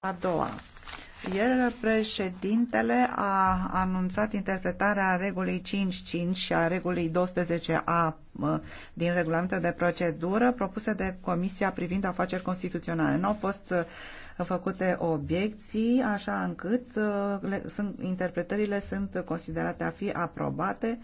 a doua. Ieri președintele a anunțat interpretarea regulii 5.5 și a regulii 210a din regulamentul de procedură propuse de Comisia privind afaceri constituționale. Nu au fost uh, făcute obiecții, așa încât uh, interpretările sunt considerate a fi aprobate